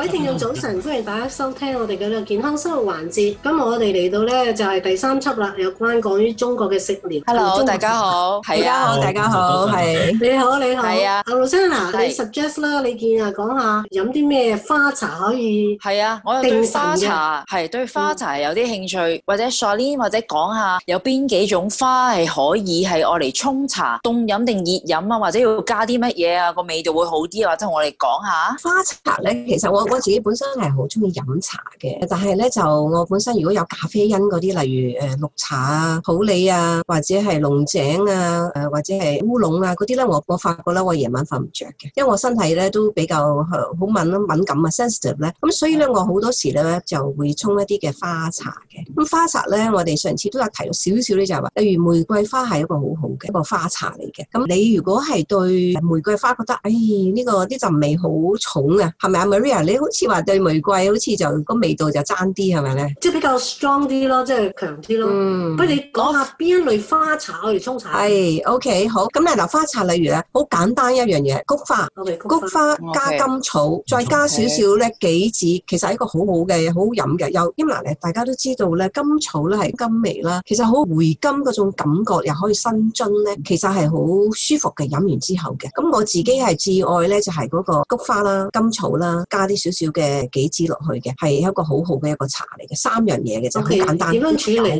各位聽眾早晨，歡迎大家收聽我哋嘅健康生活環節。今日我哋嚟到呢就係第三輯啦，有關關於中國嘅食療。Hello，大家好，係啊，大家好，係你好，你好，係啊。阿露莎，你 suggest 啦，你見啊，講下飲啲咩花茶可以？係啊，我又對花茶係對花茶有啲興趣，或者 Shirley 或者講下有邊幾種花係可以係我嚟沖茶，凍飲定熱飲啊？或者要加啲乜嘢啊？個味道會好啲啊？或者同我哋講下花茶呢，其實我我。我自己本身係好中意飲茶嘅，但係咧就我本身如果有咖啡因嗰啲，例如誒綠茶啊、普洱啊，或者係龍井啊，誒或者係烏龍啊嗰啲咧，我我發覺咧我夜晚瞓唔着嘅，因為我身體咧都比較好敏敏感啊，sensitive 咧，咁所以咧我好多時咧就會沖一啲嘅花茶嘅。咁花茶咧，我哋上次都有提到少少咧，就係話，例如玫瑰花係一個好好嘅一個花茶嚟嘅。咁你如果係對玫瑰花覺得，哎呢個啲陣味好重啊，係咪啊，Maria？好似話對玫瑰好似就個味道就爭啲，係咪咧？即係比較 strong 啲咯，即係強啲咯。不如你講下邊一類花茶，可以沖茶。係 OK，好。咁咧嗱，花茶例如咧，好簡單一樣嘢，菊花，okay, 菊花 okay, 加甘草，okay, 再加少少咧杞子、okay。其實係一個好好嘅，好好飲嘅。有因為呢，咧，大家都知道咧，甘草咧係甘味啦，其實好回甘嗰種感覺，又可以生津咧，其實係好舒服嘅，飲完之後嘅。咁我自己係至愛咧，就係、是、嗰個菊花啦、甘草啦，加啲少少嘅杞子落去嘅，係一個好好嘅一個茶嚟嘅，三樣嘢嘅啫。佢簡單，又好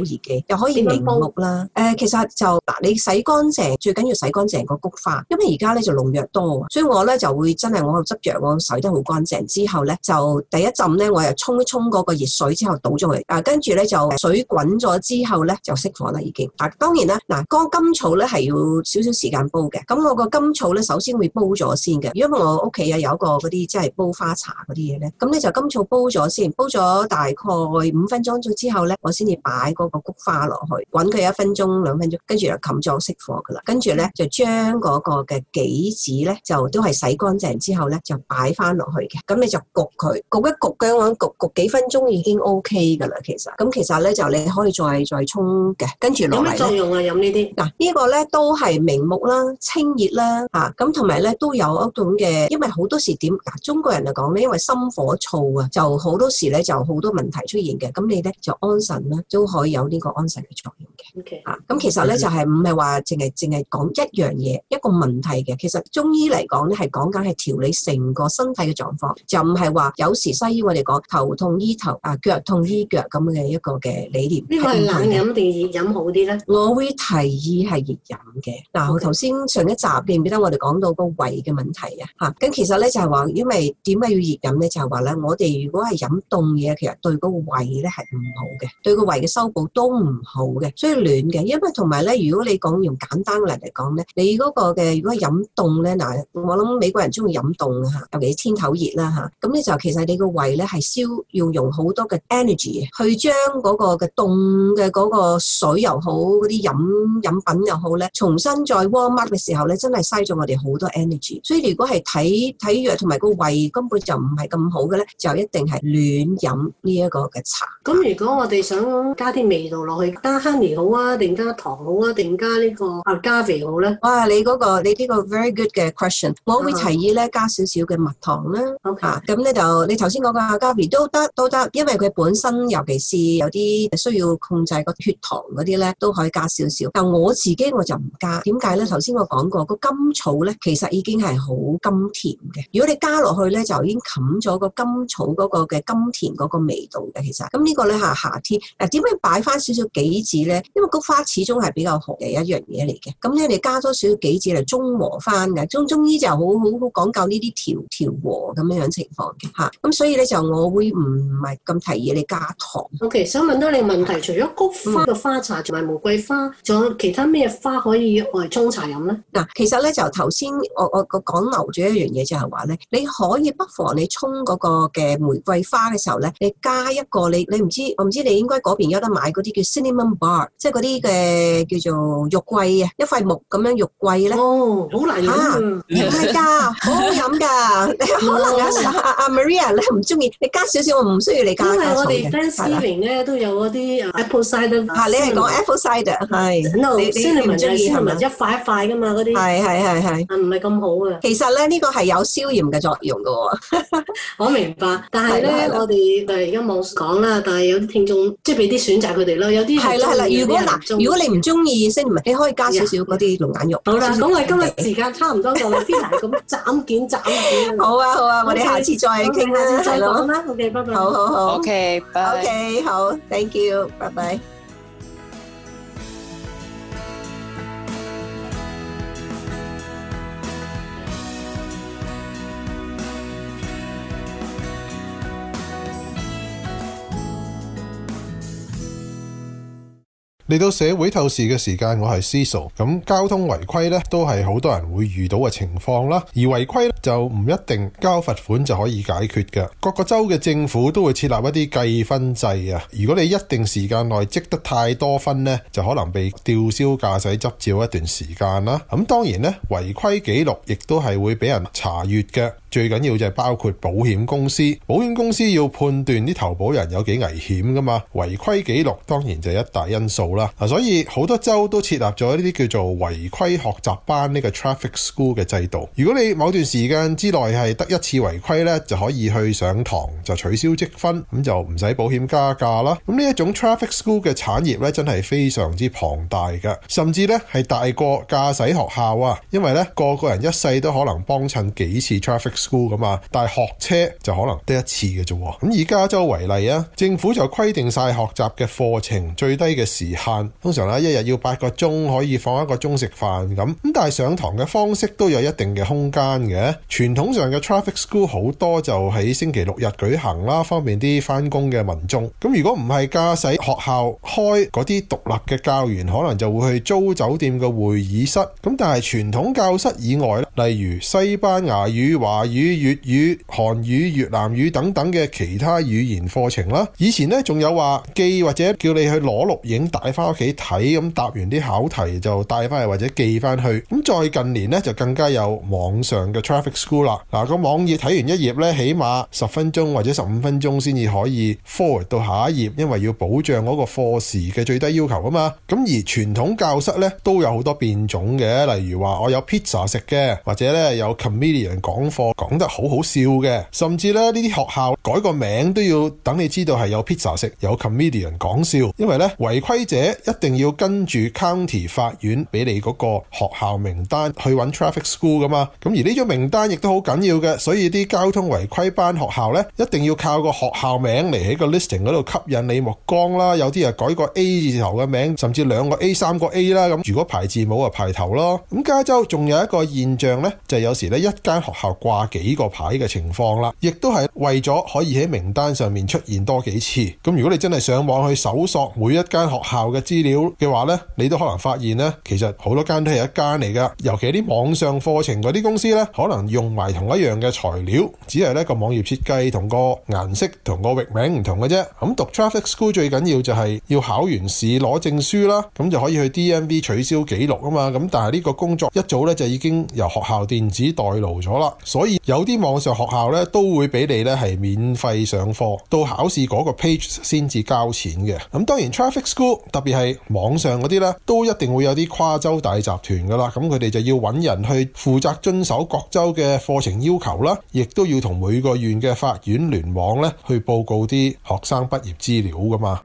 易嘅，又可以明目啦。誒、呃，其實就嗱、呃，你洗乾淨，最緊要洗乾淨個菊花，因為而家咧就農藥多，所以我咧就會真係我執藥我洗得好乾淨之後咧，就第一浸咧我又沖一沖嗰個熱水之後倒咗佢，嗱跟住咧就水滾咗之後咧就熄火啦已經。嗱當然啦，嗱個甘草咧係要少少時間煲嘅，咁我個甘草咧首先會煲咗先嘅，如果我屋企啊有一個嗰啲即係煲花茶啲嘢咧，咁你就甘草煲咗先，煲咗大概五分鐘左右之後咧，我先至擺嗰個菊花落去，滾佢一分鐘兩分鐘，跟住就冚咗熄火噶啦，跟住咧就將嗰個嘅杞子咧就都係洗乾淨之後咧就擺翻落去嘅，咁你就焗佢，焗一焗，焗一焗，焗幾分鐘已經 OK 噶啦，其實，咁其實咧就你可以再再沖嘅，跟住落嚟。有咩作用啊？飲呢啲嗱，呢、啊呢個咧都係明目啦，清熱啦，嚇、啊，咁同埋咧都有一種嘅，因為好多時點，中國人嚟講咧，因為心火燥啊，就好多時咧就好多問題出現嘅，咁你咧就安神啦，都可以有呢個安神嘅作用。吓、okay. 啊，咁其實咧就係唔係話淨係淨係講一樣嘢，一個問題嘅，其實中醫嚟講咧係講緊係調理成個身體嘅狀況，就唔係話有時西醫我哋講頭痛醫頭啊腳痛醫腳咁嘅一個嘅理念。呢個問題，呢個係冷飲定熱飲好啲咧？我會提議係熱飲嘅。嗱、okay. 啊，我頭先上一集記唔記得我哋講到個胃嘅問題啊？吓，咁其實咧就係話，因為點解要熱飲咧？就係話咧，我哋如果係飲凍嘢，其實對個胃咧係唔好嘅，對個胃嘅修補都唔好嘅，所以。暖嘅，因為同埋咧，如果你講用簡單嚟嚟講咧，你嗰個嘅如果飲凍咧，嗱，我諗美國人中意飲凍吓，尤其是天頭熱啦吓，咁咧就其實你個胃咧係燒，要用好多嘅 energy 去將嗰個嘅凍嘅嗰個水又好，嗰啲飲飲品又好咧，重新再 warm up 嘅時候咧，真係嘥咗我哋好多 energy。所以如果係睇睇藥同埋個胃根本就唔係咁好嘅咧，就一定係暖飲呢一個嘅茶。咁如果我哋想加啲味道落去，加 honey。好啊，定加糖好啊，定加呢個阿加菲好咧？哇！你嗰、嗰個你呢個 very good 嘅 question，我會提議咧加少少嘅蜜糖啦。咁咧就你頭先嗰個阿加菲都得都得，因為佢本身尤其是有啲需要控制個血糖嗰啲咧，都可以加少少。但我自己我就唔加，點解咧？頭先我講過、嗰個甘草咧，其實已經係好甘甜嘅。如果你加落去咧，就已經冚咗個甘草嗰個嘅甘甜嗰個味道嘅。其實咁呢個咧嚇夏天嗱，點解擺翻少少杞子咧？因為菊花始終係比較寒嘅一樣嘢嚟嘅，咁咧你加多少幾杞子嚟中和翻嘅。中中醫就好好好講究呢啲調調和咁樣樣情況嘅嚇，咁所以咧就我會唔係咁提議你加糖。O、okay, K，想問多你問題，除咗菊花嘅花茶同埋、嗯、玫瑰花，仲有其他咩花可以用嚟沖茶飲咧？嗱，其實咧就頭先我我講漏咗一樣嘢就係話咧，你可以不妨你沖嗰個嘅玫瑰花嘅時候咧，你加一個你你唔知道我唔知道你應該嗰邊有得買嗰啲叫 cinnamon bar。即係嗰啲嘅叫做肉桂啊，一塊木咁樣肉桂咧。哦，難啊、 好難飲。唔係㗎，好好飲㗎。可能阿 Maria 你唔中意，你加少少我唔需要你加。因為我哋 Fancy Ming 咧都有嗰啲、啊、Apple cider。嚇，no, 你係講 Apple cider 係。Cinnamon cinnamon 一塊一塊㗎嘛嗰啲。係係係係。啊，唔係咁好㗎。其實咧呢、這個係有消炎嘅作用㗎 我明白，但係咧我哋誒而家網講啦，但係有啲聽眾即係俾啲選擇佢哋啦，有啲係。係啦，例如。嗱，如果你唔中意，先唔係，你可以加少少嗰啲龍眼肉。嗯、點點好啦，咁我哋今日時間差唔多， 就天台咁斬件斬件。好啊好啊，okay, 我哋下次再傾啦，拜、okay, 拜、okay,。好好，OK，拜。OK，, okay 好，Thank you，拜拜。 嚟到社會透視嘅時間，我係思素。咁交通違規咧，都係好多人會遇到嘅情況啦。而違規就唔一定交罰款就可以解決嘅。各個州嘅政府都會設立一啲計分制啊。如果你一定時間內積得太多分呢，就可能被吊銷駕駛執照一段時間啦。咁當然咧，違規記錄亦都係會俾人查閱嘅。最緊要就係包括保險公司，保險公司要判斷啲投保人有幾危險㗎嘛，違規記錄當然就係一大因素啦。啊，所以好多州都設立咗呢啲叫做違規學習班呢個 traffic school 嘅制度。如果你某段時間之內係得一次違規咧，就可以去上堂就取消積分，咁就唔使保險加價啦。咁呢一種 traffic school 嘅產業咧，真係非常之龐大㗎，甚至咧係大過駕駛學校啊，因為咧個個人一世都可能幫襯幾次 traffic school 咁啊，但係學車就可能得一次嘅啫。咁以加州為例啊，政府就規定晒學習嘅課程最低嘅時限，通常一日要八個鐘，可以放一個鐘食飯咁。咁但係上堂嘅方式都有一定嘅空間嘅。傳統上嘅 traffic school 好多就喺星期六日舉行啦，方便啲翻工嘅民眾。咁如果唔係駕駛學校開嗰啲獨立嘅教員，可能就會去租酒店嘅會議室。咁但係傳統教室以外咧，例如西班牙語話語粵語、韓語、越南語等等嘅其他語言課程啦。以前呢，仲有話寄或者叫你去攞錄影帶翻屋企睇，咁答完啲考題就帶翻嚟或者寄翻去。咁再近年呢，就更加有網上嘅 traffic school 啦。嗱，個網頁睇完一頁呢，起碼十分鐘或者十五分鐘先至可以 forward 到下一頁，因為要保障嗰個課時嘅最低要求啊嘛。咁而傳統教室呢，都有好多變種嘅，例如話我有 pizza 食嘅，或者呢有 comedian 講課。講得好好笑嘅，甚至咧呢啲學校改個名都要等你知道係有 pizza 食，有 comedian 講笑，因為咧違規者一定要跟住 county 法院俾你嗰個學校名單去揾 traffic school 噶嘛，咁而呢種名單亦都好緊要嘅，所以啲交通違規班學校咧一定要靠個學校名嚟喺個 listing 嗰度吸引你目光啦，有啲啊改個 A 字頭嘅名，甚至兩個 A 三個 A 啦，咁如果排字母啊排頭咯，咁加州仲有一個現象咧，就係、是、有時咧一間學校掛。幾個牌嘅情況啦，亦都係為咗可以喺名單上面出現多幾次。咁如果你真係上網去搜索每一間學校嘅資料嘅話呢，你都可能發現呢，其實好多間都係一間嚟噶。尤其啲網上課程嗰啲公司呢，可能用埋同一樣嘅材料，只係呢個網頁設計同個顏色同個域名唔同嘅啫。咁讀 Traffic School 最緊要就係要考完試攞證書啦，咁就可以去 DMV 取消記錄啊嘛。咁但係呢個工作一早呢，就已經由學校電子代勞咗啦，所以。有啲網上學校咧都會畀你咧係免費上課，到考試嗰個 page 先至交錢嘅。咁當然 Traffic School 特別係網上嗰啲咧，都一定會有啲跨州大集團㗎喇。咁佢哋就要揾人去負責遵守各州嘅課程要求啦，亦都要同每個縣嘅法院聯網咧去報告啲學生畢業資料㗎嘛。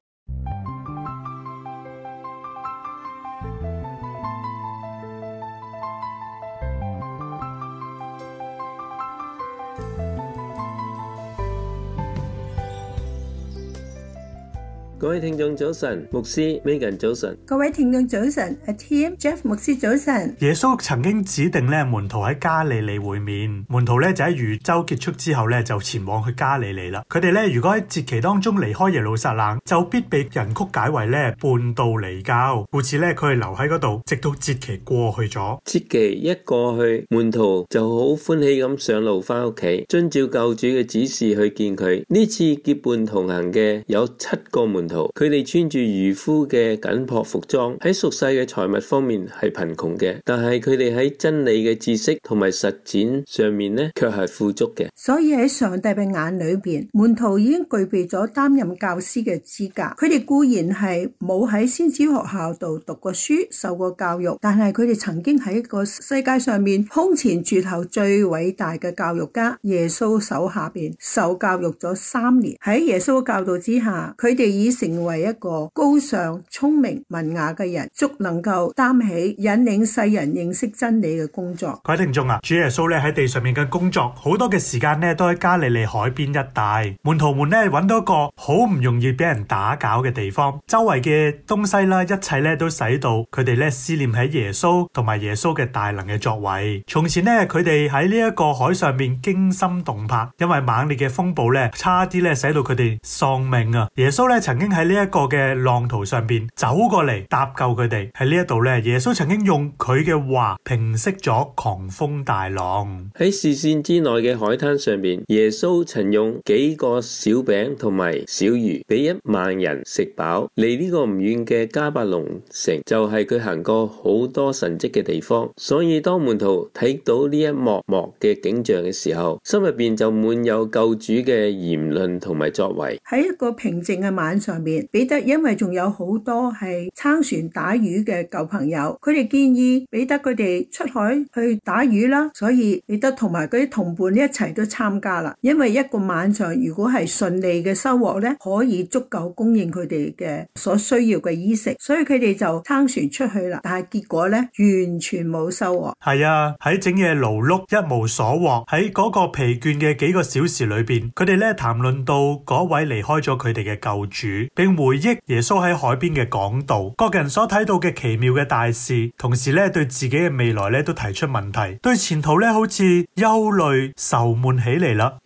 各位聽眾早晨，牧師 Megan 早晨，各位聽眾早晨，阿 Tim、Jeff 牧師早晨。耶穌曾經指定咧門徒喺加利利會面，門徒咧就喺逾周結束之後咧就前往去加利利啦。佢哋咧如果喺節期當中離開耶路撒冷，就必被人曲解為咧半道離教，故此咧佢係留喺嗰度，直到節期過去咗。節期一過去，門徒就好歡喜咁上路翻屋企，遵照教主嘅指示去見佢。呢次結伴同行嘅有七個門徒。佢哋穿住漁夫嘅緊迫服裝，喺俗世嘅財物方面係貧窮嘅，但係佢哋喺真理嘅知識同埋實踐上面呢，卻係富足嘅。所以喺上帝嘅眼裏邊，門徒已經具備咗擔任教師嘅資格。佢哋固然係冇喺先知學校度讀過書、受過教育，但係佢哋曾經喺一個世界上面空前絕後最偉大嘅教育家耶穌手下邊受教育咗三年。喺耶穌嘅教導之下，佢哋以成為一個高尚、聰明、文雅嘅人，足能夠擔起引領世人認識真理嘅工作。各位聽眾啊，主耶穌呢喺地上面嘅工作，好多嘅時間呢都喺加利利海邊一帶。門徒們呢揾到一個好唔容易俾人打攪嘅地方，周圍嘅東西啦，一切呢都使到佢哋呢思念喺耶穌同埋耶穌嘅大能嘅作為。從前呢，佢哋喺呢一個海上面驚心動魄，因為猛烈嘅風暴呢，差啲呢使到佢哋喪命啊。耶穌呢曾經。喺呢一個嘅浪濤上邊走過嚟搭救佢哋。喺呢一度咧，耶穌曾經用佢嘅話平息咗狂風大浪。喺視線之內嘅海灘上邊，耶穌曾用幾個小餅同埋小魚俾一萬人食飽。離呢個唔遠嘅迦百農城就係佢行過好多神蹟嘅地方。所以當門徒睇到呢一幕幕嘅景象嘅時候，心入邊就滿有救主嘅言論同埋作為。喺一個平靜嘅晚上上面彼得因為仲有好多係撐船打魚嘅舊朋友，佢哋建議彼得佢哋出海去打魚啦，所以彼得同埋嗰啲同伴一齊都參加啦。因為一個晚上如果係順利嘅收穫呢，可以足夠供應佢哋嘅所需要嘅衣食，所以佢哋就撐船出去啦。但係結果呢，完全冇收穫。係啊，喺整夜勞碌，一無所獲。喺嗰個疲倦嘅幾個小時裏邊，佢哋咧談論到嗰位離開咗佢哋嘅救主。並回憶耶穌在海邊的講道，各人所看到的奇妙的大事，同時呢對自己的未來呢都提出問題，對前途呢好像憂慮愁悶起來了。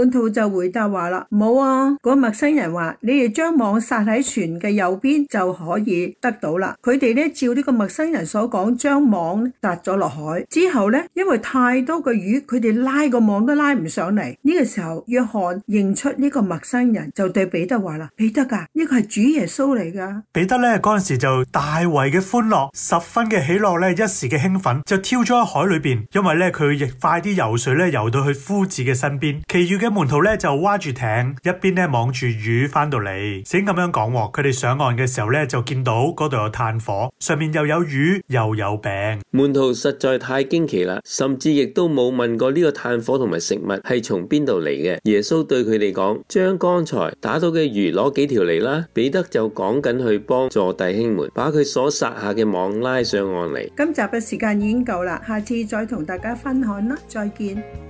本土就回答話啦，冇啊！嗰個陌生人話，你哋將網撒喺船嘅右邊就可以得到啦。佢哋咧照呢個陌生人所講，將網撒咗落海之後咧，因為太多嘅魚，佢哋拉個網都拉唔上嚟。呢個時候，約翰認出呢個陌生人，就對彼得話啦，彼得噶呢個係主耶穌嚟噶。彼得咧嗰陣時就大為嘅歡樂，十分嘅喜樂咧，一時嘅興奮就跳咗喺海裏邊，因為咧佢亦快啲游水咧游到去夫子嘅身邊，其餘嘅。門徒咧就挖住艇，一邊咧網住魚翻到嚟，先咁樣講。佢哋上岸嘅時候咧就見到嗰度有炭火，上面又有魚又有餅。門徒實在太驚奇啦，甚至亦都冇問過呢個炭火同埋食物係從邊度嚟嘅。耶穌對佢哋講：將剛才打到嘅魚攞幾條嚟啦。彼得就趕緊去幫助弟兄們，把佢所撒下嘅網拉上岸嚟。今集嘅時間已經夠啦，下次再同大家分享啦，再見。